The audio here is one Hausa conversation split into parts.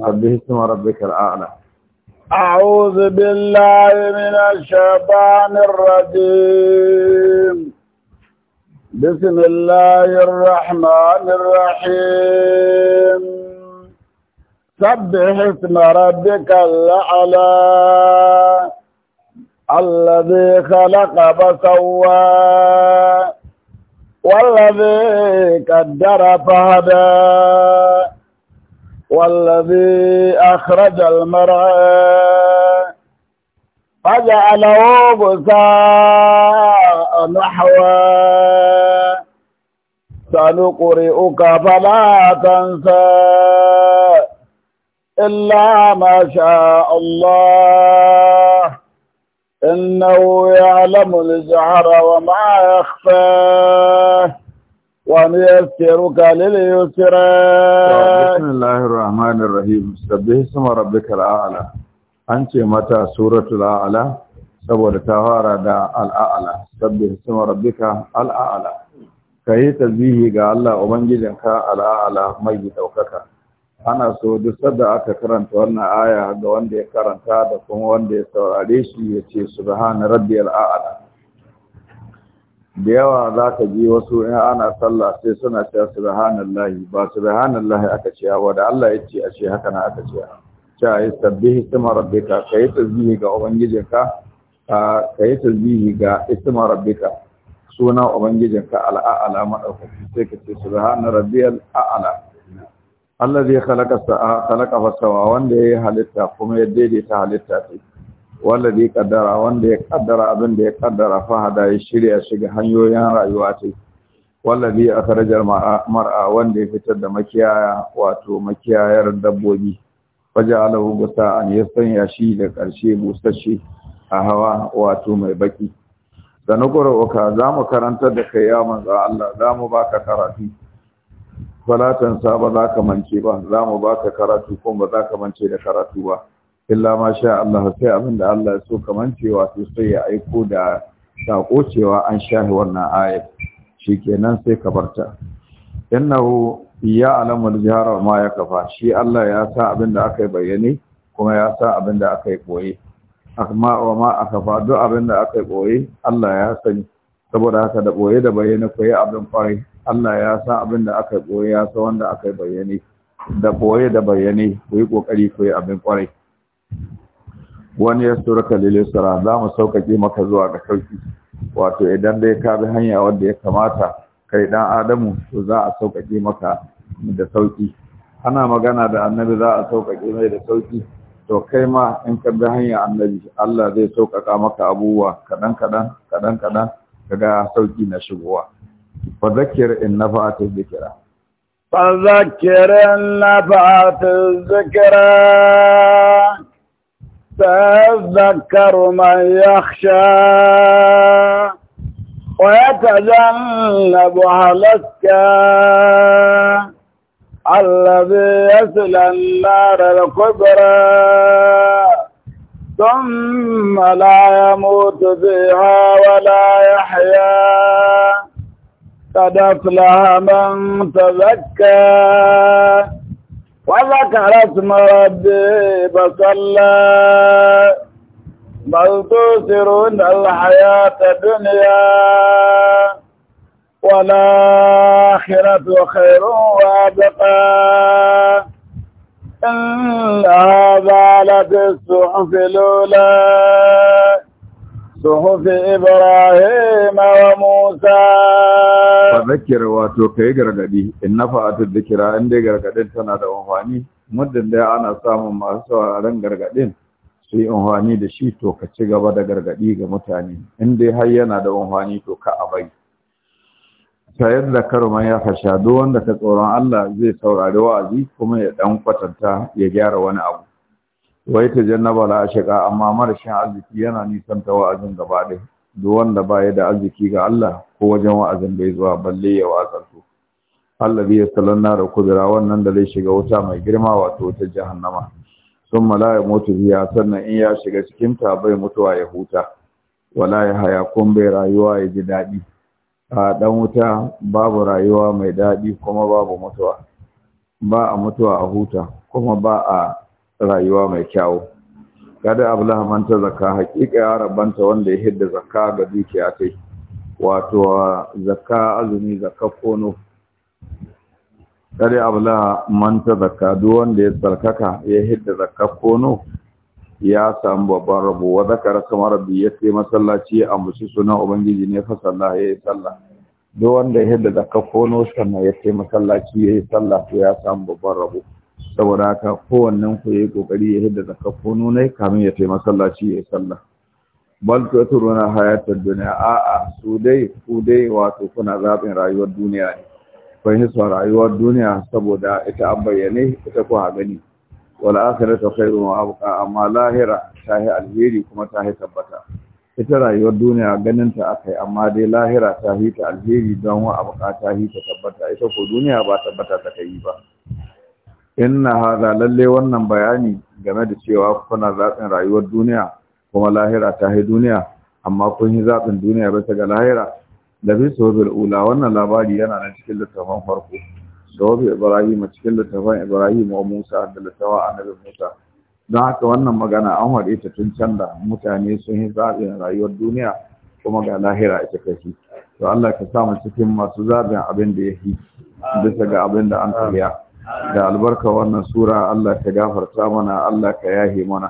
سبح اسم ربك الأعلى أعوذ بالله من الشيطان الرجيم بسم الله الرحمن الرحيم سبح اسم ربك الأعلى الذي خلق فسوى والذي قدر فهدى والذي أخرج المرعى فجعله بكاء نحوا سنقرئك فلا تنسى إلا ما شاء الله إنه يعلم الجهر وما يخفاه ونيسرك ya بسم الله الرحمن الرحيم سبح ala, ربك الاعلى أنت متى سورة الاعلى saboda ta fara da al'a'ala sabbi isma rabbika al'a'ala kai tasbihi ga Allah ubangijinka al'a'ala mai daukaka ana so duk sadda aka karanta wannan aya ga wanda ya karanta da kuma wanda ya saurare shi ya ce subhana rabbiyal a'la da yawa za ka ji wasu in ana sallah sai suna cewa subhanallahi ba subhanallahi aka ce ba da Allah ya ce a ce haka na aka ce ta yi sabbihi isma rabbika kai tasbihi ga ubangijinka kai tasbihi ga isma rabbika suna ubangijinka al'a'ala madaukaki sai ka ce subhana rabbiyal ala Allah zai khalaqa sa'a khalaqa fasawa wanda ya halitta kuma ya daidaita halitta sai wanda ya kaddara wanda ya kaddara abin da ya kaddara fahada ya shirya shiga hanyoyin rayuwa ce wanda a ya akarajar mar'a wanda ya fitar da makiyaya wato makiyayar dabbobi waje alahu gusa an ya sanya shi da karshe busasshe a hawa wato mai baki da na ƙwararwaka za mu karanta da kai ya manzo Allah za baka karatu falatan sa ba za ka mance ba za mu baka karatu kuma ba za ka mance da karatu ba illa ma sha Allah sai abin da Allah ya so kaman cewa to sai ya aiko da sako cewa an shahi wannan ayat shikenan sai ka barta innahu ya alamul jihara ma ya kafa shi Allah ya sa abin da aka yi bayyane kuma ya sa abin da aka yi koye amma wa ma aka fa duk abin da aka yi koye Allah ya sani saboda haka da koye da bayyane koye abin kwarai Allah ya sa abin da aka yi koye ya sa wanda aka yi bayyane da koye da bayyane ku yi kokari ku yi abin kwarai wani ya suraka lilisara za mu sauƙaƙe maka zuwa ga sauƙi wato idan dai ka bi hanya wadda ya kamata kai ɗan adamu to za a sauƙaƙe maka da sauƙi ana magana da annabi za a sauƙaƙe mai da sauƙi to kai ma in ka bi hanya annabi Allah zai sauƙaƙa maka abubuwa kaɗan kaɗan kaɗan kaɗan daga sauƙi na shigowa fa zakir in nafa'at dhikra fa zakir in nafa'at zikira. فيذكر من يخشى ويتجنبها لسكى الذي يسلى النار الكبرى ثم لا يموت فيها ولا يحيا قد أفلح من تزكى وذكر اسم ربي فصلى بل تؤثرون الحياة الدنيا والآخرة خير وأبقى إن هذا لفي الصحف الأولى صحف إبراهيم وموسى a wato ka gargadi in na fa'atu zikira in dai gargadin tana da amfani muddin da ana samun masu sauraron gargadin sai yi amfani da shi to ka ci gaba da gargadi ga mutane in dai har yana da amfani to ka abai ta yadda karma ya fasha duk wanda ka tsoron Allah zai saurari wa'azi kuma ya dan kwatanta ya gyara wani abu wai ta jannaba la shiga amma marashin arziki yana nisan ta wa'azin gaba ɗaya duk wanda ya da arziki ga Allah ko wajen wa'azin bai zuwa balle ya wazarto Allah bai na da kubira wannan da zai shiga wuta mai girma wato ta jahannama sun malaya mutu biya sannan in ya shiga cikin ta bai mutuwa ya huta wala ya haya kun bai rayuwa ya ji daɗi a ɗan wuta babu rayuwa mai daɗi kuma babu mutuwa ba a mutuwa a huta kuma ba a rayuwa mai kyawu kada abu man ta zakka hakika ya rabanta wanda ya hidda zakka ga dukiya ta wato zakka azumi zakka kono kada abu man ta zakka duk wanda ya sarkaka ya hidda zakka kono ya samu babban rabo wa zakara sama rabbi ya sai masallaci ya ambaci suna ubangiji ne fa sallah ya yi sallah duk wanda ya hidda zakka kono sannan ya sai masallaci ya yi sallah to ya samu babban rabo saboda haka kowannen ku yi kokari ya hidda zakafo nunai kamun ya taimaka masallaci ya sallah bal runa hayatar duniya a'a su dai ku dai wato kuna zaɓin rayuwar duniya ne kun hiswa rayuwar duniya saboda ita an bayyane ita a gani wal akhiratu khairun wa abqa amma lahira ta yi alheri kuma ta yi tabbata ita rayuwar duniya ganin ta akai amma dai lahira ta yi ta alheri don wa abqa ta yi ta tabbata ita ko duniya ba tabbata ta kai ba inna hadha lalle wannan bayani game da cewa kuna zaɓin rayuwar duniya kuma lahira ta yi duniya amma kun yi zaɓin duniya bisa ga lahira da bi sobil ula wannan labari yana nan cikin littafin farko da ibrahim cikin littafin ibrahim wa musa da littafin annabi musa don haka wannan magana an haɗe ta tun can da mutane sun yi zaɓin rayuwar duniya kuma ga lahira ita kashi to allah ka samu cikin masu zaɓin abin da ya fi bisa ga abin da an karya da albarka wannan sura Allah ka gafarta mana Allah ka yahe mana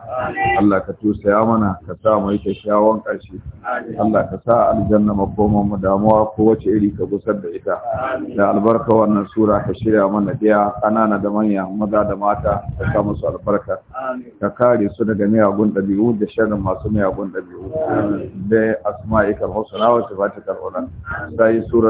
Allah ka tusaya mana ka sa mu yi kyakkyawan ƙarshe Allah ka sa aljanna makoman mu damuwa ko wace iri ka gusar da ita da albarka wannan sura ka shirya mana biya ƙanana da manya maza da mata ka sa musu albarka ka kare su daga miyagun ɗabi'u da sharrin masu miyagun ɗabi'u da asma'ikal husna wa sifatikal ula sai sura